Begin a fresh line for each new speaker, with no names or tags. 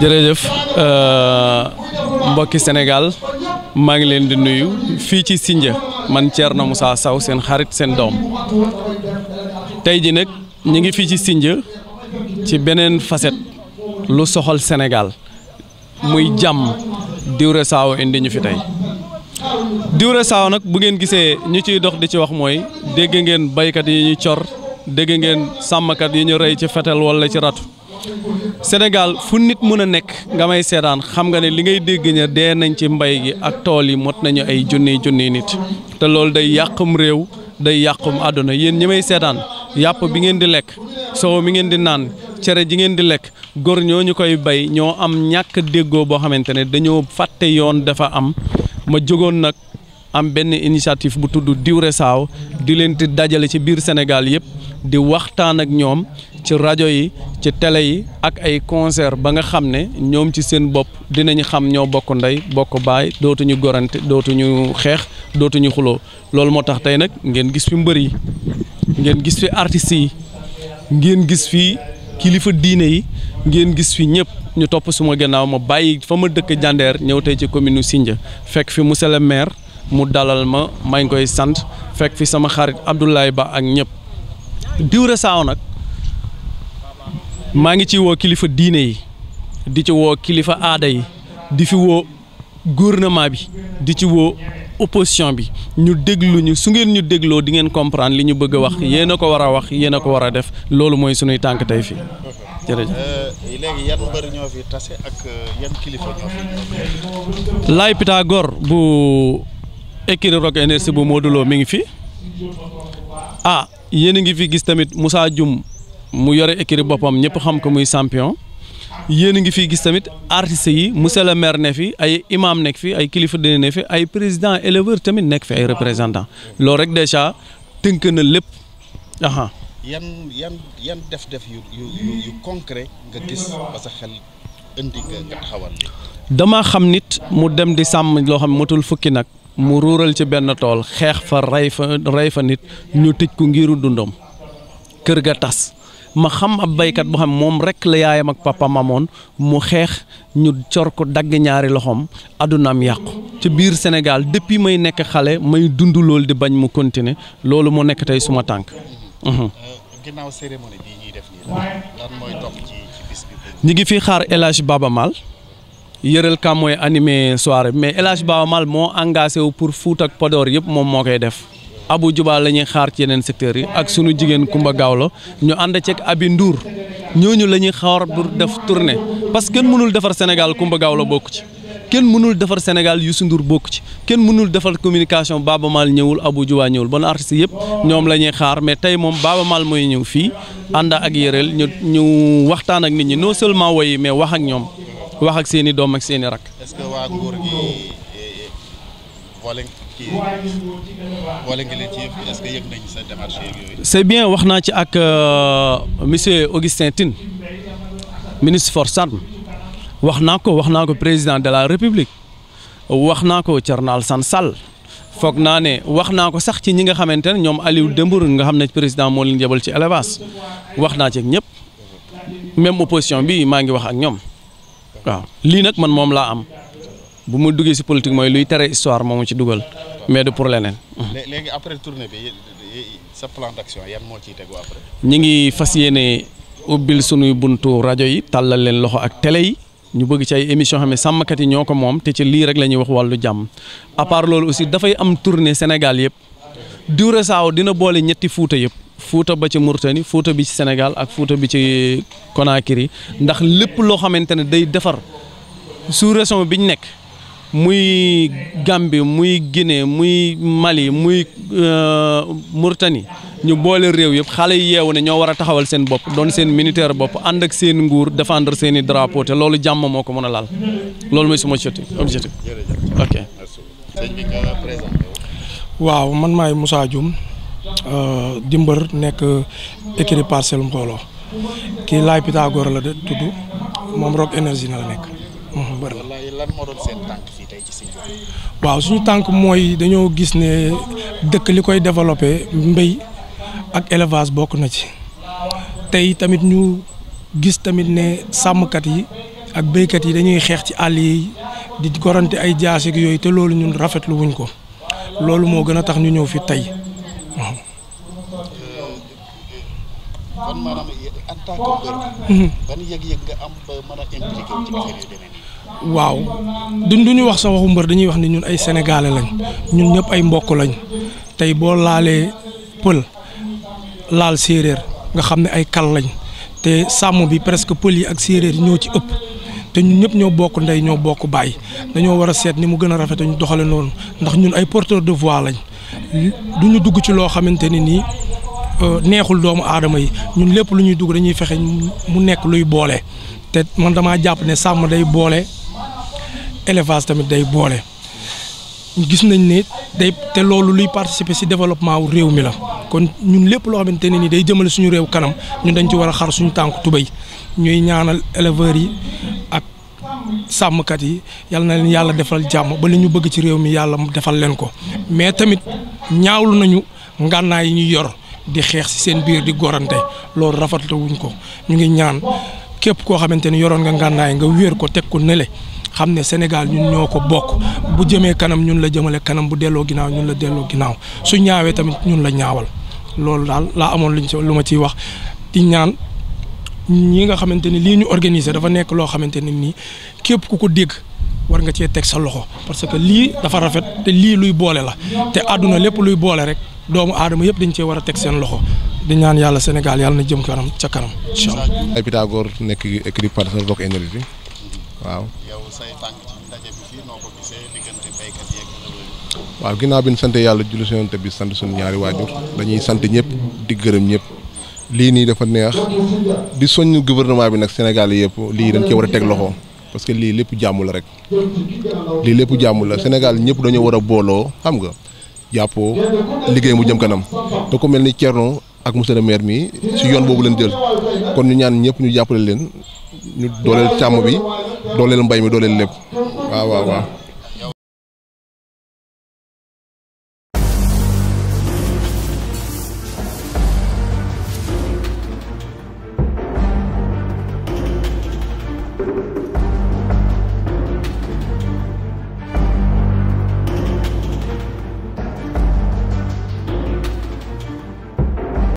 jërëjëf euh, mbokki Sénégal maa ngi leen di nuyu fii ci Sindia man na Moussa saw seen xarit seen doom tey ji nag ñu ngi fii ci Sindia ci beneen faset lu soxal Sénégal muy jàmm diwre Sow indi ñu fi tey Diwré Sow nag bu ngeen gisee ñu ciy dox di ci wax mooy dégg ngeen baykat yi ñu cor dégg ngeen sàmmkat yi ñu rey ci fetel walla ci ratu Sénégal fu nit mën a nekk nga may seetaan xam nga ne li ngay dégg ña dee nañ ci mbay gi ak tool yi mot nañu ay junniy junniy nit te loolu day yàqum réew day yàqum àdduna yéen ñi may seetaan yàpp bi ngeen di lekk soow mi ngeen di naan cere ji ngeen di lekk góor ñoo ñu koy bay ñoo am ñàkk déggoo boo xamante ne dañoo fàtte yoon dafa am ma jógoon nag am benn initiative bu tudd Diwre Saaw di leen di dajale ci biir Sénégal yëpp. di waxtaan ak ñoom ci rajo yi ci tele yi ak ay concert ba nga xam ne ñoom ci seen bopp dinañ xam ñoo bokk ndey bokk baay dootuñu gorante dootuñu xeex dootuñu xuloo loolu moo tax tey nag ngeen gis fi mbër yi ngeen gis fi artistes yi ngeen gis fi kilifa diine yi ngeen gis fi ñëpp ñu topp suma gannaaw ma bàyyi fa ma dëkk Jandeer ñëw tey ci commune Sindia fekk fi monsieur le maire mu dalal ma maa koy sant fekk fi sama xarit Abdoulaye Ba ak ñëpp. Diwré Saho nag maa ngi ci woo kilifa diine yi di ci woo kilifa aada yi di fi woo gouvernement bi di ci woo opposition bi ñu déglu ñu su ngeen ñu dégloo di ngeen comprendre li ñu bëgg a wax yéen a ko war a wax yéen a ko war a def loolu mooy sunuy tànk tey fii jërëjëf. Euh, léegi ak euh, kilifa ñoo fi. Laay Pythagore bu écurie Rock Énergie bu Modou Lo mi ngi fii ah. yéen a ngi fi gis tamit Moussa jum mu yore écurie boppam ñëpp xam ko muy champion yéen a ngi fi gis tamit artistes yi monsieur le maire ne fi ay imam nekk fi ay kilifa dina ne fi ay président éleveur tamit nekk fi ay représentant loolu rek dèjà tënk na lépp aha
yan def-def yu yu yu
xam nit mu dem di sàmm loo xam ne motul fukki nag. mu ruural ci benn tool xeex fa rey fa rey fa nit ñu tëj ko ngir dundam kër ga tas ma xam ab baykat boo xam moom rek la yaayam ak papa mamoon mu xeex ñu cor ko dagg ñaari loxoom adunaam yàqu ci biir Sénégal depuis may nekk xale may dund loolu di bañ mu continuer loolu moo nekk tey suma tànk. Mhm. Euh, ginnaaw cérémonie ngi fi xaar El Hadj yëral kam mooy soire soirée mais El Hadj Baaba Maal moo engagé wu pour Fuuta ak Podor yëpp moom moo koy def Abu Juba la ñuy xaar ci yeneen secteurs yi ak suñu jigéen Kumba Gawlo ñu ànd ceeg Abi nduur ñooñu la ñuy xaar pour def tournée parce que kenn mënul defar Sénégal Kumba Gawlo bokk ci kenn mënul defar Sénégal Youssou Ndour bokk ci kenn mënul defar communication Baaba mal ñëwul Abu Juba ñëwul bon artistes yëpp ñoom lañuy xaar mais tey moom Baaba Maal mooy ñëw fii ànd ak yëral ñu ñu waxtaan ak nit ñi non seulement woy mais wax ak ñoom. wax ak seeni doom ak seen i rak. est que waa nguur gi eh,
eh, nga est
c'est bien wax naa ci ak euh, monsieur Augustin Tine ministre force armée wax naa ko wax naa ko président de la république wax naa ko Thierno Alassane Sall. foog naa ne wax naa ko sax ci ñi nga xamante ne ñoom Aliou Dembour nga xam ne président moo leen jëbal ci élevage wax naa ci ñëpp même opposition bi maa ngi wax ak ñoom. waaw lii nag man moom laa am bu mu duggee si politique mooy luy tere histoire moomu ci dugal mais du pour leneen.
léegi après tournée bi sa plan d'action moo ciy tegu après.
ñu ngi fas yéene ubbil sunuy buntu rajo yi tàllal leen loxo ak télé yi ñu bëgg ci ay émission xam ne sàmmkat yi ñoo ko moom te ci lii rek la ñuy wax wàllu jàmm à loolu aussi dafay am tournée Sénégal yëpp Diouré saaw dina boole ñetti Fuuta yëpp. fuuta ba ci Mauritanie fuuta bi ci Sénégal ak fuuta bi ci Conakry ndax lépp loo xamante ne day defar su sous bi ñu nekk muy Gambie muy Guinée muy Mali muy euh, Mauritanie ñu boole réew yëpp xale yi yeewu ne ñoo war a taxawal seen bopp doon seen militaire bopp ànd ak seen nguur défendre seeni i drapeau te loolu jàmm moo ko mën a laal loolu mooy suma objectif ok.
waaw man maay Moussa Dioum di euh, mbër nekk écurie Parcelles mbooloo kii laay Pythagore la de tudd moom Rock Énergie na la nekk mhm, la. lan moo doon seen tànk waaw suñu tànk mooy dañoo gis ne dëkk li koy développé mbéy ak élevage bokk na ci tey tamit ñu gis tamit ne sàmmkat yi ak béykat yi dañuy xeex ci àll yi di gorante ay jaas ak yooyu te loolu ñun rafetlu wuñ ko loolu moo gën a tax ñu ñëw fi tey. kon maanaam en tant que mhm. a impliqué wu ci affaire waaw duñ ñu wax sa waxu mbër dañuy wax ni ñun ay sénégalais lañ ñun ñëpp ay mbokk lañ tey boo laalee pël laal séeréer nga xam ne ay kal lañ te sàmm bi presque pël yi ak séeréer yi ñoo ci ëpp. te ñun ñëpp ñoo bokk ndey ñoo bokk bàyyi dañoo war a seet ni mu gën a rafet ñu doxale noonu ndax ñun ay porteur de voix lañ du ñu dugg ci loo xamante ne nii neexul doomu aadama yi ñun lépp lu ñuy dugg dañuy fexe mu nekk luy boole te man damaa jàpp ne sàmm day boole élevage tamit day boole gis nañ ni day te loolu luy participer ci développement wu réew mi la kon ñun lépp loo xamante ne ni day jëmale suñu réew kanam ñun dañ ci war a xar suñu tànk tubéy ñuy ñaanal éleveurs yi ak sàmmkat yi yal na leen yàlla defal jàmm ba li ñu bëgg ci réew mi yàlla defal leen ko mais tamit ñaawlu nañu ngànnaay yi ñuy yor. di xeex si seen biir di gorante loolu rafetlu ko ñu ngi ñaan képp koo xamante ni yoroon nga ngànnaay nga wéer ko teg ko nele xam ne Sénégal ñun ñoo ko bokk bu jëmee kanam ñun la jëmale kanam bu delloo ginnaaw ñun la delloo ginnaaw su ñaawee tamit ñun la ñaawal loolu daal laa amoon luñ ci lu ma ciy wax di ñaan ñi nga xamante ni lii ñu organiser dafa nekk loo xamante ni nii képp ku ko dégg. war nga cee teg sa loxo parce que lii dafa rafet te lii luy boole la te àdduna lépp luy boole rek doomu aadama yëpp dañ cee war a teg seen loxo di ñaan yàlla Sénégal yàlla na jëm kanam ca kanam incha allah. ay Pythagore nekk équipe partenaire Rock Énergie yow say tànk ci ndaje bi bi ñu sant yàlla julli si yonent bi sant suñu ñaari waajur dañuy sant ñëpp di gërëm ñëpp. lii nii dafa neex di soññ gouvernement bi nag Sénégal yëpp lii dañ cee war a teg loxo. parce lii lépp jàmm la rek lii lépp jàmm la senegal ñëpp dañoo war a booloo xam nga jàppoo liggéey mu jëm kanam te ko mel ni Thierno ak monsieur le maire mi si yoon boobu leen jël kon ñu ñaan ñëpp ñu jàppale leen ñu dooleel càmm bi dooleel mbay mi dooleel lépp waaw waaw waaw.